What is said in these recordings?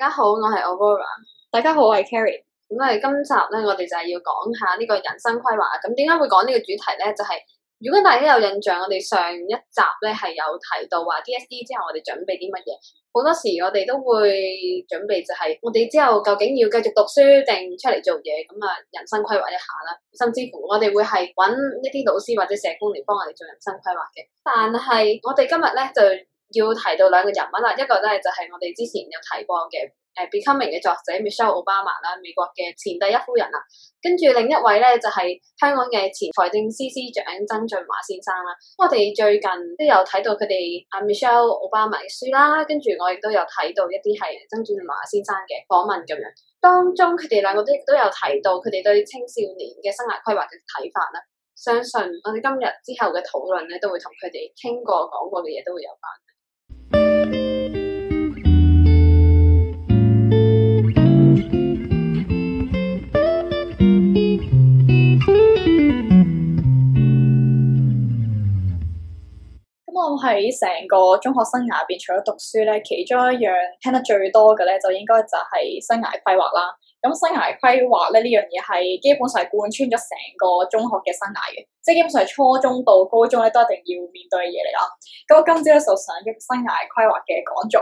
大家好，我係 Ovora，大家好，我係 Carrie。咁我哋今集咧，我哋就係要講下呢個人生規劃。咁點解會講呢個主題咧？就係、是、如果大家有印象，我哋上一集咧係有提到話 D S E 之後，我哋準備啲乜嘢？好多時我哋都會準備、就是，就係我哋之後究竟要繼續讀書定出嚟做嘢？咁啊，人生規劃一下啦。甚至乎我哋會係揾一啲老師或者社工嚟幫我哋做人生規劃嘅。但係我哋今日咧就。要提到兩個人物啦，一個咧就係我哋之前有提過嘅誒《Becoming》嘅作者 Michelle Obama 啦，美國嘅前第一夫人啦。跟住另一位咧就係香港嘅前財政司司長曾俊華先生啦。我哋最近都有睇到佢哋阿 Michelle Obama 嘅書啦，跟住我亦都有睇到一啲係曾俊華先生嘅訪問咁樣。當中佢哋兩個都亦都有提到佢哋對青少年嘅生涯規劃嘅睇法啦。相信我哋今日之後嘅討論咧，都會同佢哋傾過講過嘅嘢都會有關。都喺成個中學生涯入邊，除咗讀書咧，其中一樣聽得最多嘅咧，就應該就係生涯規劃啦。咁生涯規劃咧呢樣嘢係基本上係貫穿咗成個中學嘅生涯嘅，即係基本上係初中到高中咧都一定要面對嘅嘢嚟啦。咁我今朝咧就上做生涯規劃嘅講座。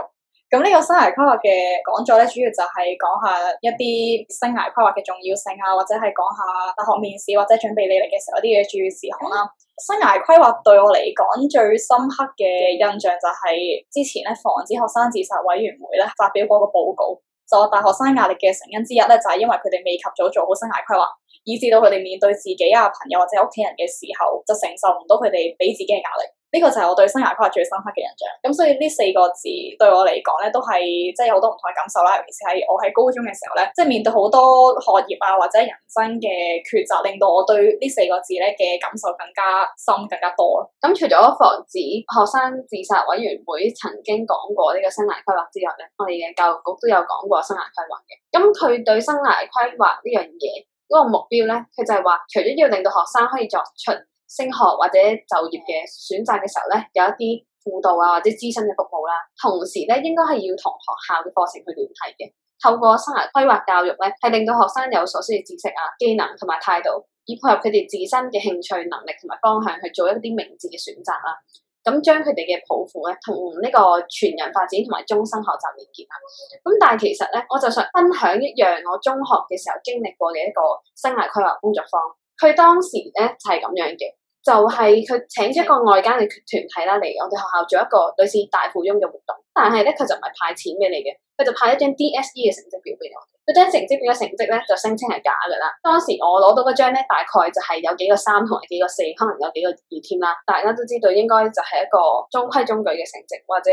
咁呢個生涯規劃嘅講座咧，主要就係講下一啲生涯規劃嘅重要性啊，或者係講下大學面試或者準備履歷嘅時候一啲要注意事項啦。生涯規劃對我嚟講最深刻嘅印象就係之前咧防止學生自殺委員會咧發表過個報告，就話大學生壓力嘅成因之一咧就係因為佢哋未及早做好生涯規劃，以至到佢哋面對自己啊、朋友或者屋企人嘅時候就承受唔到佢哋俾自己嘅壓力。呢個就係我對生涯規劃最深刻嘅印象。咁所以呢四個字對我嚟講咧，都係即係好多唔同嘅感受啦。尤其是係我喺高中嘅時候咧，即係面對好多學業啊或者人生嘅抉擇，令到我對呢四個字咧嘅感受更加深、更加多。咁除咗防止學生自殺委員會曾經講過呢個生涯規劃之外咧，我哋嘅教育局都有講過生涯規劃嘅。咁佢對生涯規劃呢樣嘢嗰個目標咧，佢就係話，除咗要令到學生可以作出升學或者就業嘅選擇嘅時候咧，有一啲輔導啊或者諮詢嘅服務啦、啊。同時咧，應該係要同學校嘅課程去聯繫嘅。透過生涯規劃教育咧，係令到學生有所需嘅知識啊、技能同埋態度，以配合佢哋自身嘅興趣、能力同埋方向去做一啲明智嘅選擇啦、啊。咁、嗯、將佢哋嘅抱負咧同呢個全人發展同埋終身學習連結啦。咁、嗯、但係其實咧，我就想分享一樣我中學嘅時候經歷過嘅一個生涯規劃工作坊。佢當時咧就係咁樣嘅，就係佢請咗一個外間嘅團體啦，嚟我哋學校做一個類似大富翁嘅活動。但係咧，佢就唔係派錢俾你嘅，佢就派一張 DSE 嘅成績表俾我哋。嗰張成績表嘅成績咧就聲稱係假㗎啦。當時我攞到嗰張咧，大概就係有幾個三同埋幾個四，可能有幾個二添啦。大家都知道應該就係一個中規中矩嘅成績，或者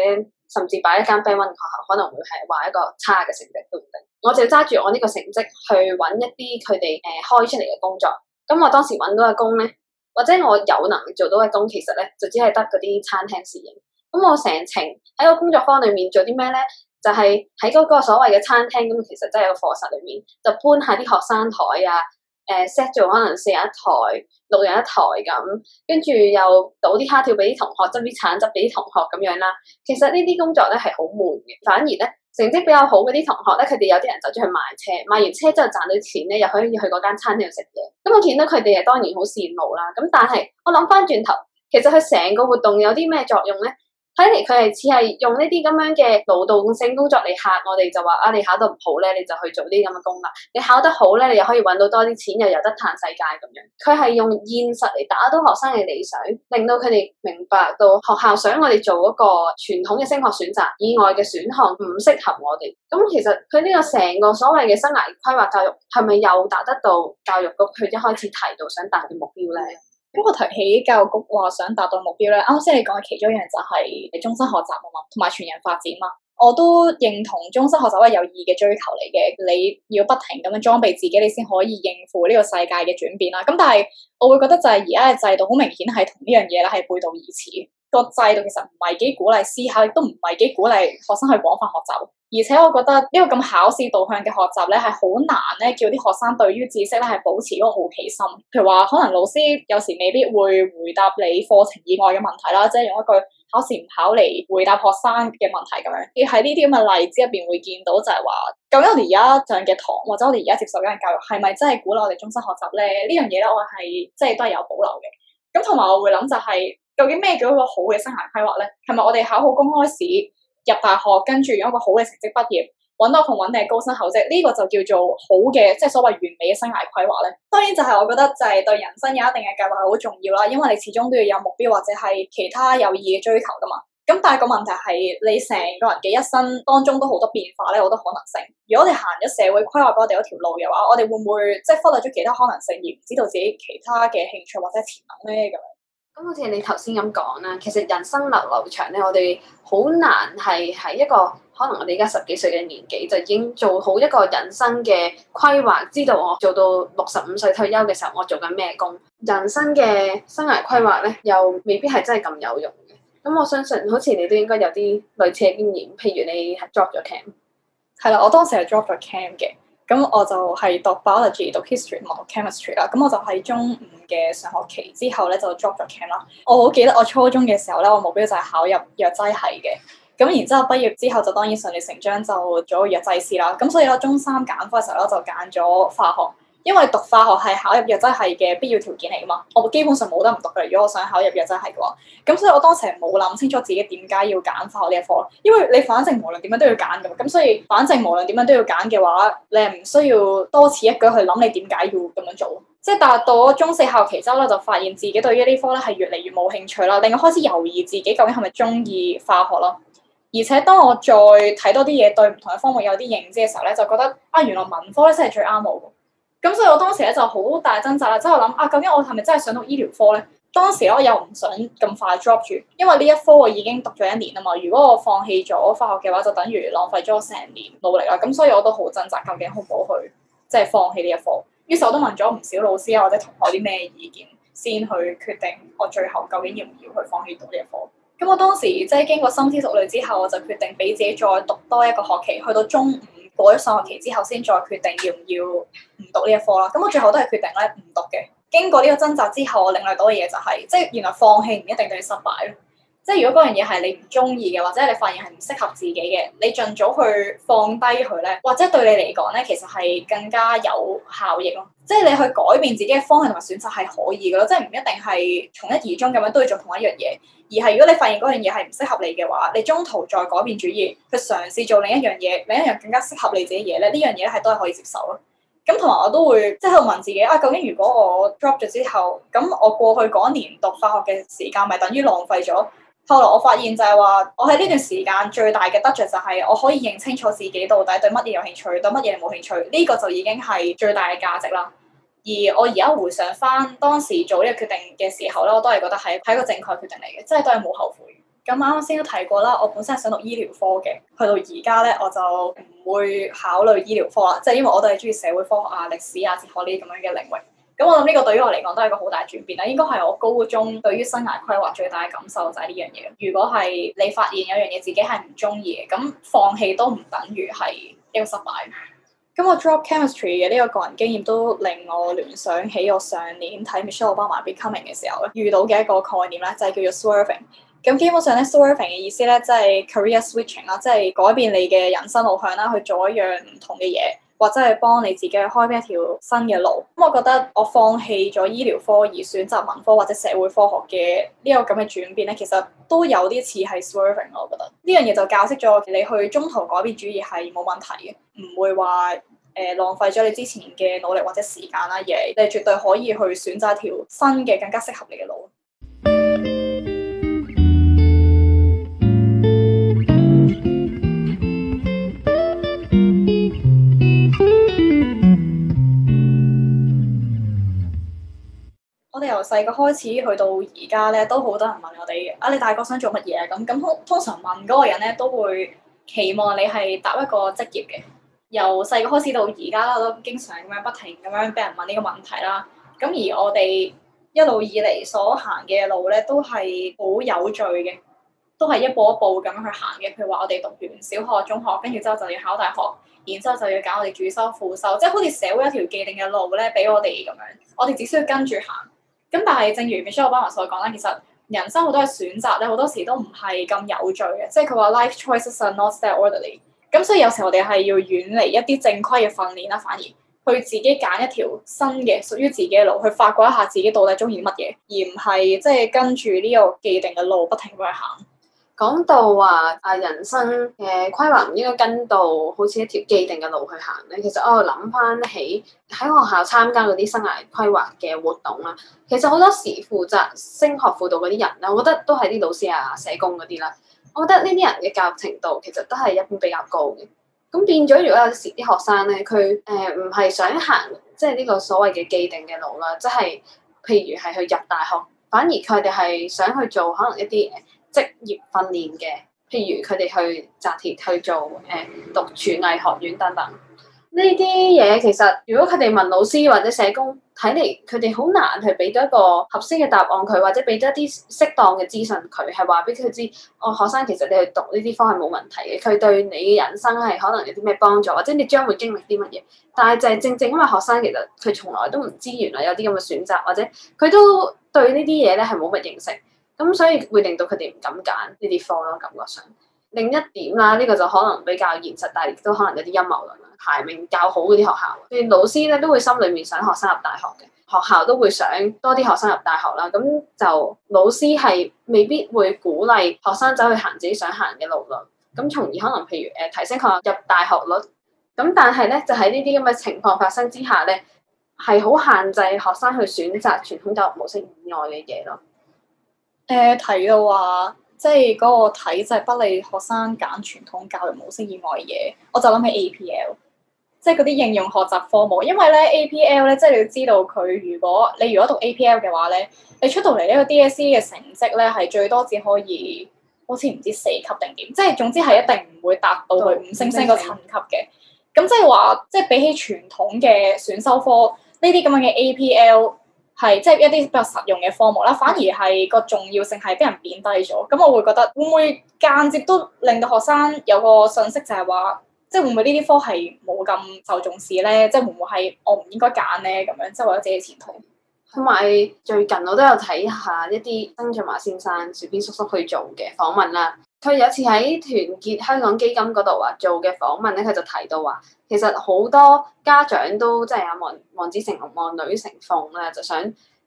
甚至擺一間 Band One 學校，可能會係話一個差嘅成績都唔定。我就揸住我呢個成績去揾一啲佢哋誒開出嚟嘅工作。咁我當時揾到嘅工咧，或者我有能力做到嘅工，其實咧就只係得嗰啲餐廳侍應。咁我成程喺個工作坊裏面做啲咩咧，就係喺嗰個所謂嘅餐廳咁，其實真係個課室裏面，就搬下啲學生台啊。誒 set、呃、做可能四人一台、六人一,一台咁，跟住又倒啲蝦條俾啲同學，執啲橙汁俾啲同學咁樣啦。其實呢啲工作咧係好悶嘅，反而咧成績比較好嗰啲同學咧，佢哋有啲人就出去賣車，賣完車之後賺到錢咧，又可以去嗰間餐廳度食嘢。咁、嗯、我見到佢哋誒當然好羨慕啦。咁、嗯、但係我諗翻轉頭，其實佢成個活動有啲咩作用咧？睇嚟佢係似係用呢啲咁樣嘅勞動性工作嚟嚇我哋，就話啊，你考得唔好咧，你就去做啲咁嘅工啦；你考得好咧，你又可以搵到多啲錢，又有得嘆世界咁樣。佢係用現實嚟打到學生嘅理想，令到佢哋明白到學校想我哋做一個傳統嘅升學選擇以外嘅選項唔適合我哋。咁其實佢呢個成個所謂嘅生涯規劃教育係咪又達得到教育局佢一開始提到想達嘅目標咧？咁我提起教育局話想達到目標咧，啱先你講嘅其中一樣就係終身學習啊嘛，同埋全人發展啊嘛，我都認同終身學習係有意義嘅追求嚟嘅，你要不停咁樣裝備自己，你先可以應付呢個世界嘅轉變啦。咁但係我會覺得就係而家嘅制度好明顯係同呢樣嘢咧係背道而馳，個制度其實唔係幾鼓勵思考，亦都唔係幾鼓勵學生去廣泛學習。而且我覺得個呢個咁考試導向嘅學習咧，係好難咧叫啲學生對於知識咧係保持嗰個好奇心。譬如話可能老師有時未必會回答你課程以外嘅問題啦，即係用一句考試唔考嚟，回答學生嘅問題咁樣。而喺呢啲咁嘅例子入邊會見到就係話、就是，究竟我哋而家上嘅堂或者我哋而家接受緊嘅教育係咪真係鼓勵我哋終身學習咧？呢樣嘢，咧我係即係都係有保留嘅。咁同埋我會諗就係，究竟咩叫一個好嘅生涯規劃咧？係咪我哋考好公開試？入大學，跟住有一個好嘅成績畢業，揾到同揾你高薪厚職，呢個就叫做好嘅，即係所謂完美嘅生涯規劃咧。當然就係我覺得就係對人生有一定嘅計劃係好重要啦，因為你始終都要有目標或者係其他有意嘅追求噶嘛。咁但係個問題係你成個人嘅一生當中都好多變化咧，好多可能性。如果我哋行咗社會規劃俾我哋嗰條路嘅話，我哋會唔會即係忽略咗其他可能性，而唔知道自己其他嘅興趣或者潛能咧咁？咁好似你頭先咁講啦，其實人生流流長咧，我哋好難係喺一個可能我哋而家十幾歲嘅年紀就已經做好一個人生嘅規劃，知道我做到六十五歲退休嘅時候我做緊咩工，人生嘅生涯規劃咧又未必係真係咁有用嘅。咁我相信好似你都應該有啲類似嘅經驗，譬如你係 drop 咗 camp，係啦，我當時係 drop 咗 camp 嘅。咁我就係讀 biology、讀 history、同埋讀 chemistry 啦。咁我就喺中五嘅上學期之後咧，就 drop 咗 chem 啦。我好記得我初中嘅時候咧，我目標就係考入藥劑系嘅。咁然之後畢業之後就當然順理成章就做藥劑師啦。咁所以咧，中三揀科嘅時候咧，就揀咗化學。因為讀化學係考入藥劑系嘅必要條件嚟㗎嘛，我基本上冇得唔讀嘅。如果我想考入藥劑系嘅話，咁所以我當時係冇諗清楚自己點解要揀化學呢一科。因為你反正無論點樣都要揀嘅嘛，咁所以反正無論點樣都要揀嘅話，你係唔需要多此一舉去諗你點解要咁樣做。即係但到咗中四下學期之後咧，就發現自己對於呢科咧係越嚟越冇興趣啦，令我開始猶豫自己究竟係咪中意化學咯。而且當我再睇多啲嘢對唔同嘅科目有啲認知嘅時候咧，就覺得啊原來文科咧真係最啱我。咁所以我當時咧就好大掙扎啦，即係我諗啊，究竟我係咪真係上到醫療科咧？當時我又唔想咁快 drop 住，因為呢一科我已經讀咗一年啊嘛。如果我放棄咗化學嘅話，就等於浪費咗成年努力啦。咁所以我都好掙扎，究竟好唔好去即係放棄呢一科？於是我都問咗唔少老師呀或者同學啲咩意見，先去決定我最後究竟要唔要去放棄讀呢一科。咁我當時即係經過深思熟慮之後，我就決定俾自己再讀多一個學期，去到中過咗上學期之後，先再決定要唔要唔讀呢一科啦。咁我最後都係決定咧唔讀嘅。經過呢個掙扎之後，我領略到嘅嘢就係，即係原來放棄唔一定對你失敗咯。即係如果嗰樣嘢係你唔中意嘅，或者你發現係唔適合自己嘅，你盡早去放低佢咧，或者對你嚟講咧，其實係更加有效益咯。即係你去改變自己嘅方向同埋選擇係可以嘅咯，即係唔一定係從一而終咁樣都要做同一樣嘢。而係如果你發現嗰樣嘢係唔適合你嘅話，你中途再改變主意去嘗試做另一樣嘢，另一樣更加適合你自己嘢咧，呢樣嘢咧係都係可以接受咯。咁同埋我都會即係、就是、問自己啊，究竟如果我 drop 咗之後，咁我過去嗰一年讀化學嘅時間咪等於浪費咗？後來我發現就係話，我喺呢段時間最大嘅得著就係我可以認清楚自己到底對乜嘢有興趣，對乜嘢冇興趣。呢、這個就已經係最大嘅價值啦。而我而家回想翻當時做呢個決定嘅時候咧，我都係覺得係係一個正確決定嚟嘅，即係都係冇後悔。咁啱啱先都提過啦，我本身係想讀醫療科嘅，去到而家咧我就唔會考慮醫療科啦，即係因為我都係中意社會科啊、歷史啊、哲學呢啲咁樣嘅領域。咁我諗呢個對於我嚟講都係一個好大轉變啦。應該係我高中對於生涯規劃最大嘅感受就係呢樣嘢。如果係你發現有樣嘢自己係唔中意嘅，咁放棄都唔等於係一個失敗。咁我 drop chemistry 嘅呢個個人經驗都令我聯想起我上年睇 Michelle Obama Becoming 嘅時候咧，遇到嘅一個概念咧，就係叫做 swerving。咁基本上咧，swerving 嘅意思咧，即係 career switching 啦，即係改變你嘅人生路向啦，去做一樣唔同嘅嘢。或者係幫你自己開一條新嘅路，咁我覺得我放棄咗醫療科而選擇文科或者社會科學嘅呢個咁嘅轉變咧，其實都有啲似係 swerving。我覺得呢樣嘢就教識咗你去中途改變主意係冇問題嘅，唔會話誒浪費咗你之前嘅努力或者時間啦嘢，你絕對可以去選擇一條新嘅更加適合你嘅路。細個開始去到而家咧，都好多人問我哋啊，你大個想做乜嘢？咁咁通通常問嗰個人咧，都會期望你係揼一個職業嘅。由細個開始到而家啦，都經常咁樣不停咁樣俾人問呢個問題啦。咁而我哋一路以嚟所行嘅路咧，都係好有序嘅，都係一步一步咁樣去行嘅。譬如話，我哋讀完小學、中學，跟住之後就要考大學，然之後就要揀我哋主修、副修，即係好似社會一條既定嘅路咧，俾我哋咁樣。我哋只需要跟住行。咁但係正如 Michelle 班文所講啦，其實人生好多嘅選擇咧，好多時都唔係咁有序嘅，即係佢話 life choices are not t h t orderly。咁所以有時我哋係要遠離一啲正規嘅訓練啦，反而去自己揀一條新嘅屬於自己嘅路，去發掘一下自己到底中意乜嘢，而唔係即係跟住呢個既定嘅路不停咁去行。講到話啊，人生嘅規劃唔應該跟到好似一條既定嘅路去行咧。其實我又諗翻起喺學校參加嗰啲生涯規劃嘅活動啦。其實好多時負責升學輔導嗰啲人咧，我覺得都係啲老師啊、社工嗰啲啦。我覺得呢啲人嘅教育程度其實都係一般比較高嘅。咁變咗，如果有時啲學生咧，佢誒唔係想行即係呢個所謂嘅既定嘅路啦，即係譬如係去入大學，反而佢哋係想去做可能一啲職業訓練嘅，譬如佢哋去紮鐵去做誒、呃、讀廚藝學院等等，呢啲嘢其實如果佢哋問老師或者社工，睇嚟佢哋好難去俾到一個合適嘅答案佢，或者俾到一啲適當嘅資訊佢，係話俾佢知，哦學生其實你去讀呢啲科係冇問題嘅，佢對你嘅人生係可能有啲咩幫助，或者你將會經歷啲乜嘢。但係就係正正因為學生其實佢從來都唔知原來有啲咁嘅選擇，或者佢都對呢啲嘢咧係冇乜認識。咁所以會令到佢哋唔敢揀呢啲科咯，感覺上。另一點啦，呢、這個就可能比較現實，但係亦都可能有啲陰謀論。排名較好嘅啲學校，佢老師咧都會心裡面想學生入大學嘅，學校都會想多啲學生入大學啦。咁就老師係未必會鼓勵學生走去行自己想行嘅路咯。咁從而可能譬如誒、呃、提升佢入大學率。咁但係咧，就喺呢啲咁嘅情況發生之下咧，係好限制學生去選擇傳統教育模式以外嘅嘢咯。誒，睇、呃、到話，即係嗰個體制不利學生揀傳統教育模式以外嘢，我就諗起 A P L，即係嗰啲應用學習科目。因為咧 A P L 咧，即係你要知道佢，如果你,你如果讀 A P L 嘅話咧，你出到嚟呢個 D S E 嘅成績咧，係最多只可以好似唔知四級定點，即係總之係一定唔會達到佢對五星星個層級嘅。咁對即係話，即係比起傳統嘅選修科，呢啲咁樣嘅 A P L。係，即係一啲比較實用嘅科目啦，反而係個重要性係俾人貶低咗。咁我會覺得會唔會間接都令到學生有個訊息就係話，即係會唔會呢啲科係冇咁受重視咧？即係會唔會係我唔應該揀咧？咁樣即係話自己嘅前途。同埋最近我都有睇下一啲曾俊華先生、薯片叔叔去做嘅訪問啦。佢有次喺團結香港基金嗰度話做嘅訪問咧，佢就提到話，其實好多家長都即係望望子成龍、望女成鳳啦，就想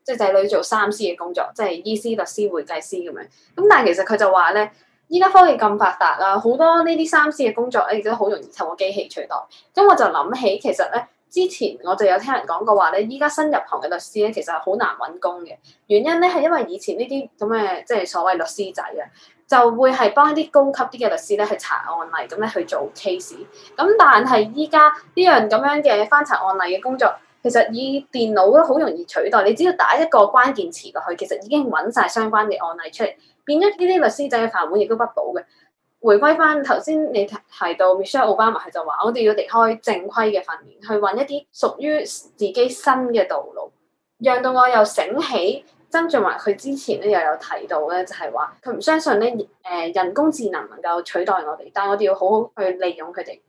即係仔女做三師嘅工作，即係醫師、律師、會計師咁樣。咁但係其實佢就話咧，依家科技咁發達啦，好多呢啲三師嘅工作咧，亦都好容易透過機器取代。咁我就諗起其實咧，之前我就有聽人講過話咧，依家新入行嘅律師咧，其實係好難揾工嘅。原因咧係因為以前呢啲咁嘅即係所謂律師仔啊。就會係幫一啲高級啲嘅律師咧去查案例，咁咧去做 case。咁但係依家呢樣咁樣嘅翻查案例嘅工作，其實以電腦都好容易取代。你只要打一個關鍵詞落去，其實已經揾晒相關嘅案例出嚟，變咗呢啲律師仔嘅飯碗亦都不保嘅。回歸翻頭先，你提提到 Michelle Obama，佢就話，我哋要離開正規嘅訓練，去揾一啲屬於自己新嘅道路，讓到我又醒起。曾俊華佢之前咧又有提到咧，就係話佢唔相信咧，誒人工智能能夠取代我哋，但係我哋要好好去利用佢哋。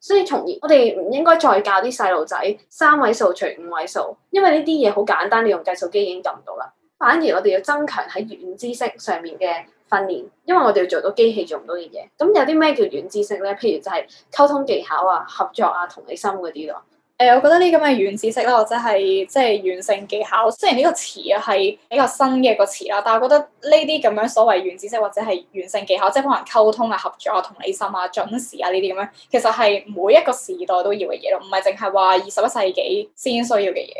所以從而，我哋唔應該再教啲細路仔三位數除五位數，因為呢啲嘢好簡單，你用計數機已經撳唔到啦。反而我哋要增強喺軟知識上面嘅訓練，因為我哋要做到機器做唔到嘅嘢。咁有啲咩叫軟知識咧？譬如就係溝通技巧啊、合作啊、同理心嗰啲咯。誒、哎，我覺得呢啲咁嘅軟知識啦，或者係即係軟性技巧，雖然呢個詞啊係比較新嘅一個詞啦，但係我覺得呢啲咁樣所謂軟知識或者係軟性技巧，即係可能溝通啊、合作啊、同理心啊、準時啊呢啲咁樣，其實係每一個時代都要嘅嘢咯，唔係淨係話二十一世紀先需要嘅嘢。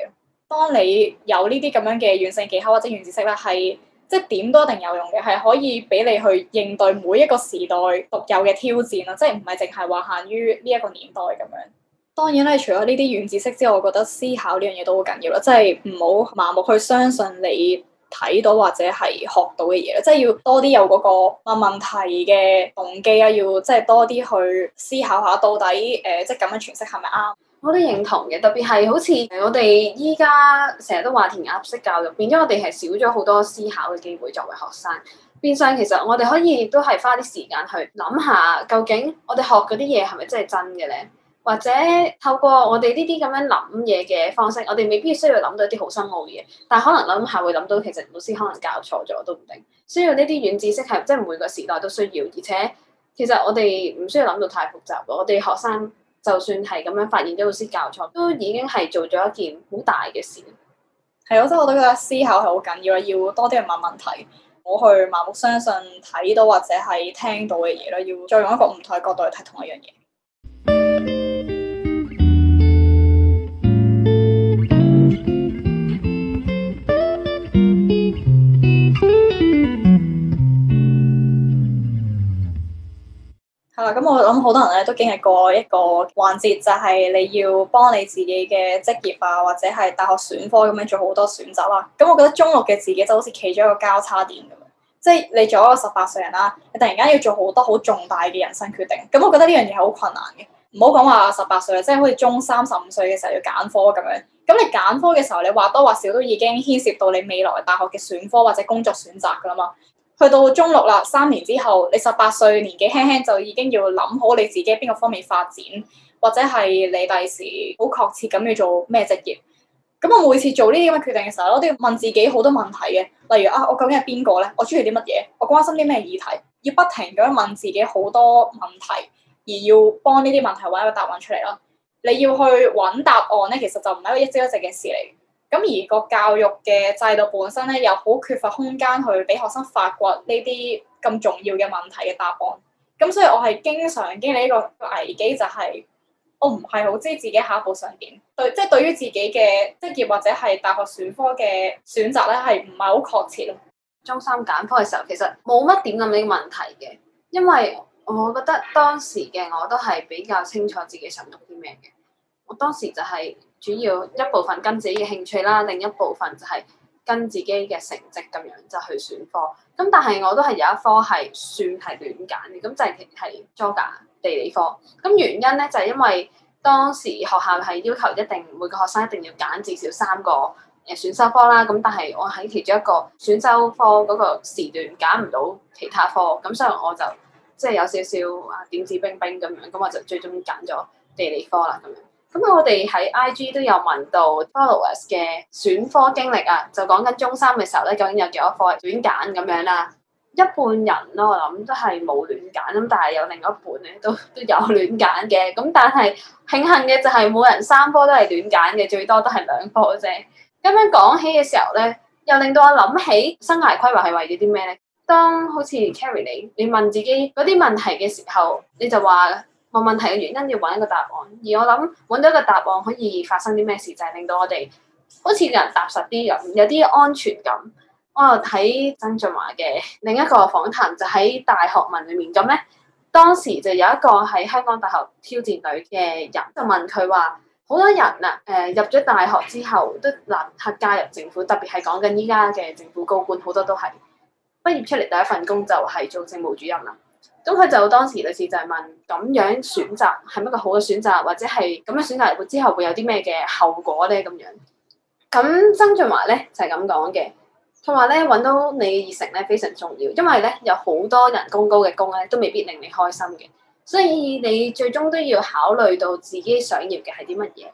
當你有呢啲咁樣嘅軟性技巧或者軟知識咧，係即係點都一定有用嘅，係可以俾你去應對每一個時代獨有嘅挑戰咯，即係唔係淨係話限於呢一個年代咁樣。當然咧，除咗呢啲軟知識之外，我覺得思考呢樣嘢都好緊要咯，即係唔好盲目去相信你睇到或者係學到嘅嘢咯，即係要多啲有嗰個問問題嘅動機啊，要即係多啲去思考下到底誒、呃、即係咁樣詮釋係咪啱？我都認同嘅，特別係好似我哋依家成日都話填鴨式教育，變咗我哋係少咗好多思考嘅機會作為學生，變相其實我哋可以都係花啲時間去諗下，究竟我哋學嗰啲嘢係咪真係真嘅咧？或者透過我哋呢啲咁樣諗嘢嘅方式，我哋未必需要諗到一啲好深奧嘅嘢，但係可能諗下會諗到，其實老師可能教錯咗都唔定。需要呢啲軟知識係即係每個時代都需要，而且其實我哋唔需要諗到太複雜。我哋學生就算係咁樣發現咗老師教錯，都已經係做咗一件好大嘅事。係咯，所以我都覺得思考係好緊要啊，要多啲人問問題，唔好去盲目相信睇到或者係聽到嘅嘢咯，要再用一個唔同嘅角度去睇同一樣嘢。咁、嗯、我諗好多人咧都經歷過一個環節，就係、是、你要幫你自己嘅職業啊，或者係大學選科咁樣做好多選擇啦。咁、嗯、我覺得中六嘅自己就好似企咗一個交叉點咁樣，即係你做一個十八歲人啦，你突然間要做好多好重大嘅人生決定。咁、嗯、我覺得呢樣嘢係好困難嘅，唔好講話十八歲啦，即係好似中三十五歲嘅時候要揀科咁樣。咁、嗯、你揀科嘅時候，你或多或少都已經牽涉到你未來大學嘅選科或者工作選擇噶啦嘛。嗯去到中六啦，三年之後，你十八歲年紀輕輕就已經要諗好你自己邊個方面發展，或者係你第時好確切咁要做咩職業。咁我每次做呢啲咁嘅決定嘅時候，我都要問自己好多問題嘅，例如啊，我究竟係邊個咧？我中意啲乜嘢？我關心啲咩議題？要不停咁樣問自己好多問題，而要幫呢啲問題揾一個答案出嚟咯。你要去揾答案咧，其實就唔係一個一朝一夕嘅事嚟。咁而個教育嘅制度本身咧，又好缺乏空間去俾學生發掘呢啲咁重要嘅問題嘅答案。咁所以我係經常經歷呢個危機、就是，就係我唔係好知自己下一步想點。對，即、就、係、是、對於自己嘅職業或者係大學選科嘅選擇咧，係唔係好確切咯？中三揀科嘅時候，其實冇乜點諗呢個問題嘅，因為我覺得當時嘅我都係比較清楚自己想讀啲咩嘅。我當時就係、是。主要一部分跟自己嘅興趣啦，另一部分就係跟自己嘅成績咁樣就去選科。咁但係我都係有一科係算係亂揀嘅，咁就係、係、係 joga 地理科。咁原因咧就係、係、因為當時學校係要求一定每個學生一定要揀至少三個誒選修科啦。咁但係我喺其中一個選修科嗰個時段揀唔到其他科，咁所以我就即係、就係、有少少啊點指兵兵咁樣，咁我就最終揀咗地理科啦咁樣。咁我哋喺 IG 都有問到 followers 嘅選科經歷啊，就講緊中三嘅時候咧，究竟有幾多科亂揀咁樣啦、啊？一半人咯，我諗都係冇亂揀咁，但係有另一半咧，都都有亂揀嘅。咁但係慶幸嘅就係冇人三科都係亂揀嘅，最多都係兩科啫。咁樣講起嘅時候咧，又令到我諗起生涯規劃係為咗啲咩咧？當好似 Carrie 你問自己嗰啲問題嘅時候，你就話。冇問題嘅原因要揾一個答案，而我諗揾到一個答案可以發生啲咩事，就係、是、令到我哋好似人踏實啲咁，有啲安全感。我睇曾俊華嘅另一個訪談，就喺、是、大學文裏面咁咧，當時就有一個喺香港大學挑戰隊嘅人就問佢話：好多人啊，誒、呃、入咗大學之後都立刻加入政府，特別係講緊依家嘅政府高官，好多都係畢業出嚟第一份工就係做政務主任啦。咁佢就當時律師就係問：咁樣選擇係一個好嘅選擇，或者係咁樣選擇之後會有啲咩嘅後果咧？咁樣咁曾俊華咧就係咁講嘅，同埋咧揾到你嘅熱誠咧非常重要，因為咧有好多人工高嘅工咧都未必令你開心嘅，所以你最終都要考慮到自己想要嘅係啲乜嘢。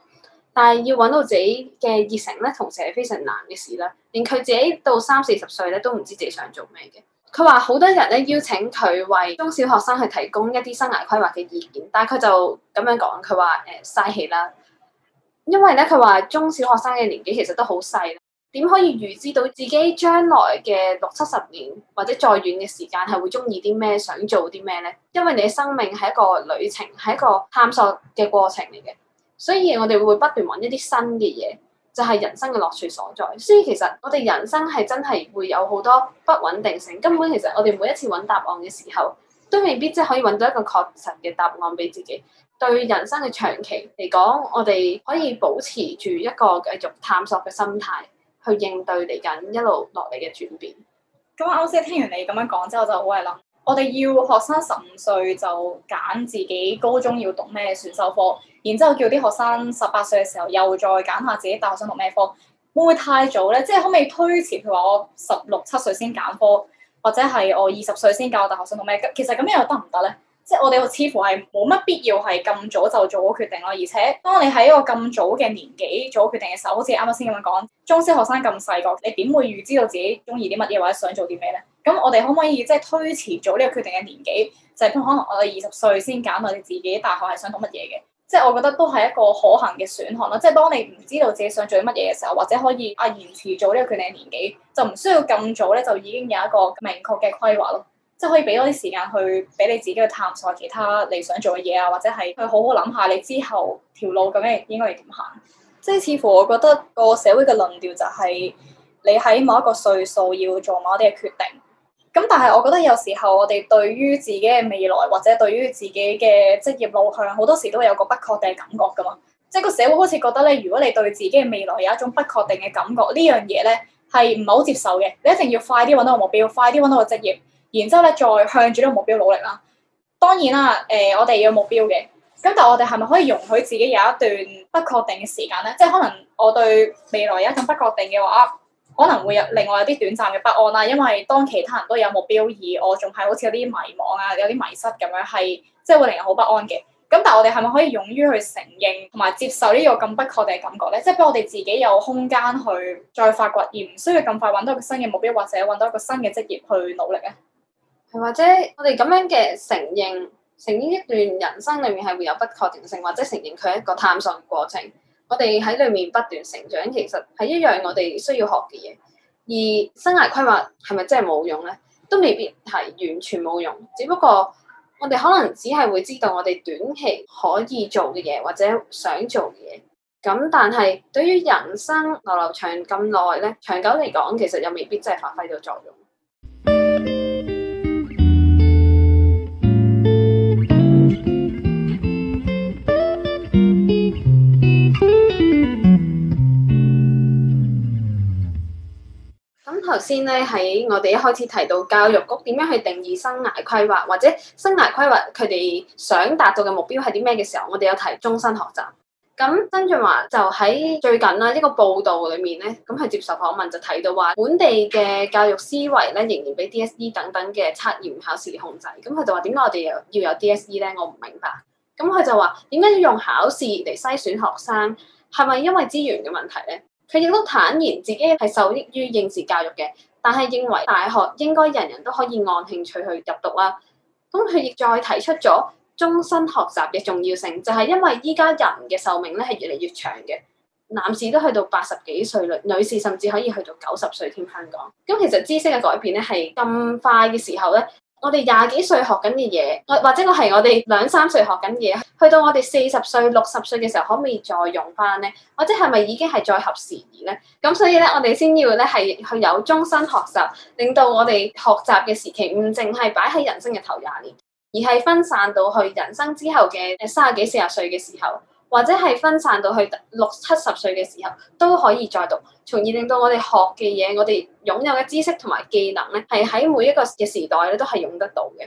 但係要揾到自己嘅熱誠咧，同時係非常難嘅事啦。連佢自己到三四十歲咧，都唔知自己想做咩嘅。佢話好多人咧邀請佢為中小學生去提供一啲生涯規劃嘅意見，但係佢就咁樣講，佢話誒嘥氣啦，因為咧佢話中小學生嘅年紀其實都好細，點可以預知到自己將來嘅六七十年或者再遠嘅時間係會鍾意啲咩、想做啲咩咧？因為你嘅生命係一個旅程，係一個探索嘅過程嚟嘅，所以我哋會不斷揾一啲新嘅嘢。就係人生嘅樂趣所在，所以其實我哋人生係真係會有好多不穩定性，根本其實我哋每一次揾答案嘅時候，都未必即係可以揾到一個確實嘅答案俾自己。對人生嘅長期嚟講，我哋可以保持住一個繼續探索嘅心態，去應對嚟緊一路落嚟嘅轉變。咁我啱先聽完你咁樣講之後，我就好係諗，我哋要學生十五歲就揀自己高中要讀咩選修科。然之後叫啲學生十八歲嘅時候又再揀下自己大學想讀咩科，會唔會太早咧？即係可唔可以推遲？譬如話我十六七歲先揀科，或者係我二十歲先揀大學想讀咩？其實咁樣又得唔得咧？即係我哋似乎係冇乜必要係咁早就做好決定咯。而且當你喺一個咁早嘅年紀做好決定嘅時候，好似啱啱先咁樣講中三學生咁細個，你點會預知道自己中意啲乜嘢或者想做啲咩咧？咁我哋可唔可以即係推遲做呢個決定嘅年紀？就係、是、可能我二十歲先揀到你自己大學係想讀乜嘢嘅？即係我覺得都係一個可行嘅選項咯。即係當你唔知道自己想做啲乜嘢嘅時候，或者可以啊延遲做呢個決定嘅年紀，就唔需要咁早咧，就已經有一個明確嘅規劃咯。即係可以俾多啲時間去俾你自己去探索其他你想做嘅嘢啊，或者係去好好諗下你之後條路究竟應該係點行。即係似乎我覺得個社會嘅論調就係你喺某一個歲數要做某一啲嘅決定。咁但係我覺得有時候我哋對於自己嘅未來或者對於自己嘅職業路向，好多時都會有個不確定嘅感覺㗎嘛。即係個社會好似覺得咧，如果你對自己嘅未來有一種不確定嘅感覺，這個、呢樣嘢咧係唔係好接受嘅？你一定要快啲搵到個目標，快啲搵到個職業，然之後咧再向住呢個目標努力啦。當然啦，誒、呃、我哋要有目標嘅，咁但係我哋係咪可以容許自己有一段不確定嘅時間咧？即、就、係、是、可能我對未來有一種不確定嘅話。可能會有另外有啲短暫嘅不安啦，因為當其他人都有目標而我仲係好似有啲迷茫啊，有啲迷失咁樣，係即係會令人好不安嘅。咁但係我哋係咪可以勇於去承認同埋接受呢個咁不確定嘅感覺咧？即係俾我哋自己有空間去再發掘，而唔需要咁快搵到個新嘅目標或者搵到一個新嘅職業去努力咧？係或者我哋咁樣嘅承認，承認一段人生裡面係會有不確定性，或者承認佢係一個探索嘅過程。我哋喺裏面不斷成長，其實係一樣我哋需要學嘅嘢。而生涯規劃係咪真係冇用咧？都未必係完全冇用，只不過我哋可能只係會知道我哋短期可以做嘅嘢或者想做嘅嘢。咁但係對於人生流流長咁耐咧，長久嚟講，其實又未必真係發揮到作用。頭先咧，喺我哋一開始提到教育局點樣去定義生涯規劃，或者生涯規劃佢哋想達到嘅目標係啲咩嘅時候，我哋有提終身學習。咁曾俊華就喺最近啦，一個報道裏面咧，咁佢接受訪問就睇到話，本地嘅教育思維咧仍然俾 DSE 等等嘅測驗考試控制。咁佢就話，點解我哋要要有 DSE 咧？我唔明白。咁佢就話，點解要用考試嚟篩選學生？係咪因為資源嘅問題咧？佢亦都坦言自己係受益於應試教育嘅，但係認為大學應該人人都可以按興趣去入讀啦。咁佢亦再提出咗終身學習嘅重要性，就係因為依家人嘅壽命咧係越嚟越長嘅，男士都去到八十幾歲啦，女士甚至可以去到九十歲添。香港咁其實知識嘅改變咧係咁快嘅時候咧。我哋廿幾歲學緊嘅嘢，我或者我係我哋兩三歲學緊嘢，去到我哋四十歲、六十歲嘅時候，可唔可以再用返呢？或者係咪已經係再合時宜呢？咁所以咧，我哋先要咧係去有終身學習，令到我哋學習嘅時期唔淨係擺喺人生嘅頭廿年，而係分散到去人生之後嘅三十幾、四十歲嘅時候。或者係分散到去六七十歲嘅時候都可以再讀，從而令到我哋學嘅嘢，我哋擁有嘅知識同埋技能咧，係喺每一個嘅時代咧都係用得到嘅。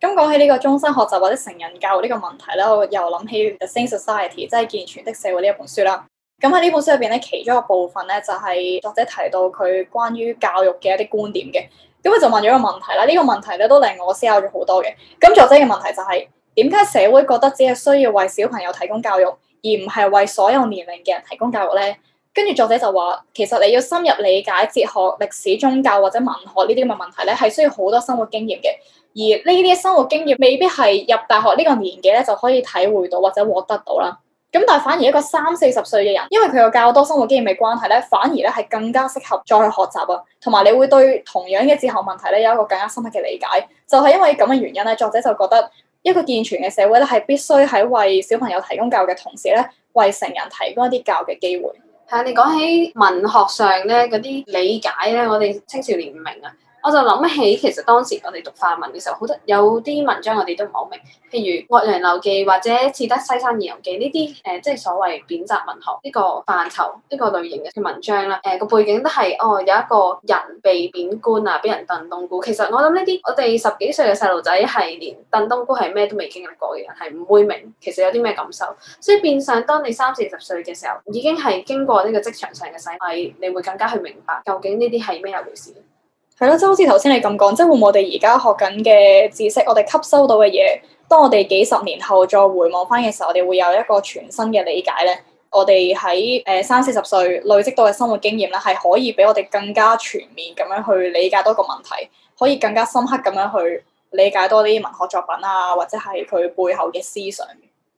咁講起呢個終身學習或者成人教育呢個問題咧，我又諗起《The Sane Society》即係健全的社會呢一本書啦。咁喺呢本書入邊咧，其中一個部分咧就係作者提到佢關於教育嘅一啲觀點嘅。咁佢就問咗一個問題啦，呢個問題咧都令我思考咗好多嘅。咁作者嘅問題就係。點解社會覺得只係需要為小朋友提供教育，而唔係為所有年齡嘅人提供教育呢？跟住作者就話，其實你要深入理解哲學、歷史、宗教或者文學呢啲咁嘅問題咧，係需要好多生活經驗嘅。而呢啲生活經驗未必係入大學呢個年紀咧就可以體會到或者獲得到啦。咁但係反而一個三四十歲嘅人，因為佢有較多生活經驗嘅關係咧，反而咧係更加適合再去學習啊。同埋你會對同樣嘅哲學問題咧有一個更加深刻嘅理解。就係、是、因為咁嘅原因咧，作者就覺得。一個健全嘅社會咧，係必須喺為小朋友提供教育嘅同時咧，為成人提供一啲教育嘅機會。係、嗯、你講起文學上咧嗰啲理解咧，我哋青少年唔明啊。我就諗起，其實當時我哋讀範文嘅時候，好多有啲文章我哋都唔好明，譬如《岳陽樓記》或者《始得西山宴遊記》呢啲，誒、呃、即係所謂貶謫文學呢、這個範疇、呢、這個類型嘅文章啦。誒、呃、個背景都係哦，有一個人被貶官啊，俾人燉冬菇。其實我諗呢啲，我哋十幾歲嘅細路仔係連燉冬菇係咩都未經歷過嘅人，係唔會明其實有啲咩感受。所以變相當你三四十歲嘅時候，已經係經過呢個職場上嘅洗禮，你會更加去明白究竟呢啲係咩一回事。係咯，即係好似頭先你咁講，即係會唔會我哋而家學緊嘅知識，我哋吸收到嘅嘢，當我哋幾十年後再回望翻嘅時候，我哋會有一個全新嘅理解咧？我哋喺誒三四十歲累積到嘅生活經驗咧，係可以畀我哋更加全面咁樣去理解多一個問題，可以更加深刻咁樣去理解多啲文學作品啊，或者係佢背後嘅思想。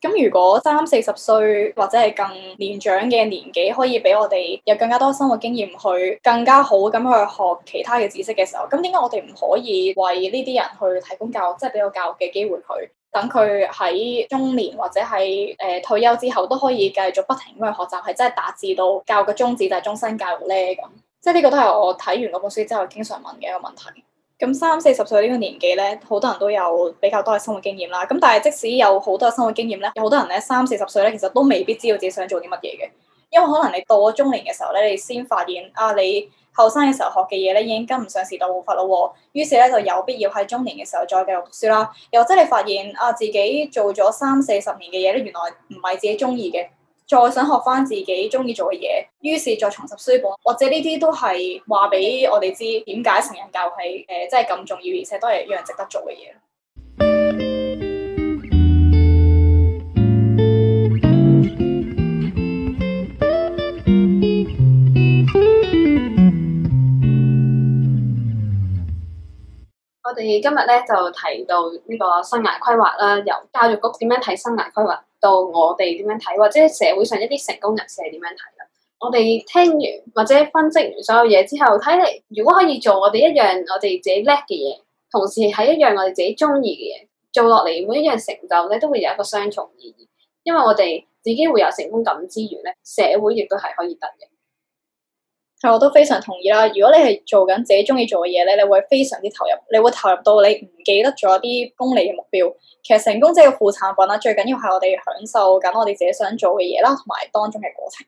咁如果三四十歲或者係更年長嘅年紀可以俾我哋有更加多生活經驗去更加好咁去學其他嘅知識嘅時候，咁點解我哋唔可以為呢啲人去提供教育，即係俾個教育嘅機會，佢，等佢喺中年或者喺誒、呃、退休之後都可以繼續不停咁去學習，係真係達至到教育嘅宗旨，就係終身教育咧？咁即係呢個都係我睇完嗰本書之後經常問嘅一個問題。咁三四十歲呢個年紀咧，好多人都有比較多嘅生活經驗啦。咁但係即使有好多嘅生活經驗咧，有好多人咧三四十歲咧，其實都未必知道自己想做啲乜嘢嘅。因為可能你到咗中年嘅時候咧，你先發現啊，你後生嘅時候學嘅嘢咧已經跟唔上時代步伐咯。於是咧就有必要喺中年嘅時候再繼續讀書啦。又或者你發現啊，自己做咗三四十年嘅嘢咧，原來唔係自己中意嘅。再想學翻自己中意做嘅嘢，於是再重拾書本，或者呢啲都係話俾我哋知點解成人教係誒、呃、真係咁重要，而且都係一樣值得做嘅嘢。我哋今日咧就提到呢個生涯規劃啦，由教育局點樣睇生涯規劃，到我哋點樣睇，或者社會上一啲成功人士係點樣睇啦。我哋聽完或者分析完所有嘢之後，睇嚟如果可以做我哋一樣我哋自己叻嘅嘢，同時係一樣我哋自己中意嘅嘢，做落嚟每一樣成就咧都會有一個雙重意義，因為我哋自己會有成功感之餘咧，社會亦都係可以得嘅。係我都非常同意啦！如果你係做緊自己中意做嘅嘢咧，你會非常之投入，你會投入到你唔記得咗啲功利嘅目標。其實成功即係副產品啦，最緊要係我哋享受緊我哋自己想做嘅嘢啦，同埋當中嘅過程。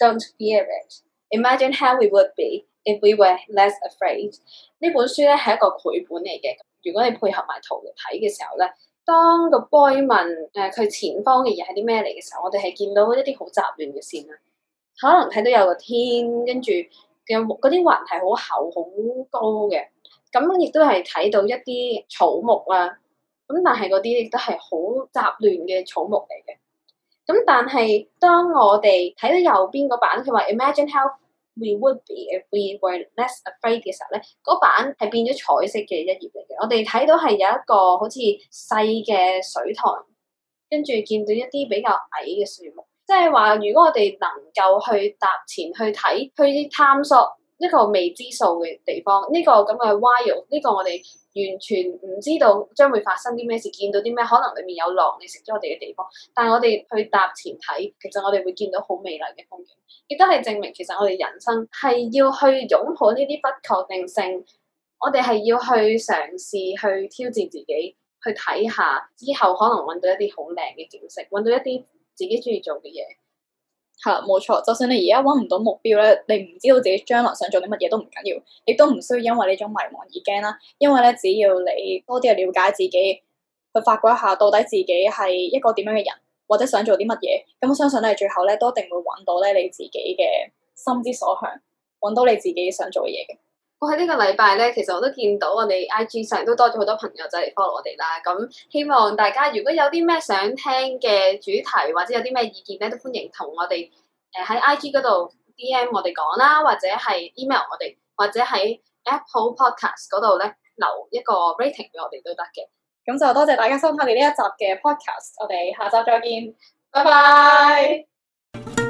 Don't fear it. Imagine how we would be if we were less afraid. 呢本書咧係一個繪本嚟嘅。如果你配合埋圖嚟睇嘅時候咧，當個 boy 問誒佢、呃、前方嘅嘢係啲咩嚟嘅時候，我哋係見到一啲好雜亂嘅線啦。可能睇到有個天，跟住嘅嗰啲雲係好厚、好高嘅。咁亦都係睇到一啲草木啦、啊。咁但係嗰啲亦都係好雜亂嘅草木嚟嘅。咁但係當我哋睇到右邊嗰版，佢話 Imagine how we would be if we were less afraid 嘅時候咧，嗰版係變咗彩色嘅一頁嚟嘅。我哋睇到係有一個好似細嘅水塘，跟住見到一啲比較矮嘅樹木，即係話如果我哋能夠去踏前去睇去探索一個未知數嘅地方，呢個咁嘅 wire 呢個我哋。完全唔知道將會發生啲咩事，見到啲咩可能裏面有狼嚟食咗我哋嘅地方，但係我哋去踏前睇，其實我哋會見到好美麗嘅風景，亦都係證明其實我哋人生係要去擁抱呢啲不確定性，我哋係要去嘗試去挑戰自己，去睇下之後可能揾到一啲好靚嘅景色，揾到一啲自己中意做嘅嘢。係冇錯，就算你而家搵唔到目標咧，你唔知道自己將來想做啲乜嘢都唔緊要，亦都唔需要因為呢種迷茫而驚啦。因為咧，只要你多啲去了解自己，去發掘一下到底自己係一個點樣嘅人，或者想做啲乜嘢，咁我相信咧，最後咧都一定會搵到咧你自己嘅心之所向，搵到你自己想做嘅嘢嘅。我喺呢個禮拜咧，其實我都見到我哋 I G 上都多咗好多朋友仔嚟 follow 我哋啦。咁希望大家如果有啲咩想聽嘅主題，或者有啲咩意見咧，都歡迎同我哋誒喺、呃、I G 嗰度 D M 我哋講啦，或者係 email 我哋，或者喺 Apple Podcast 嗰度咧留一個 rating 俾我哋都得嘅。咁就多謝大家收睇我哋呢一集嘅 podcast，我哋下週再見，拜拜。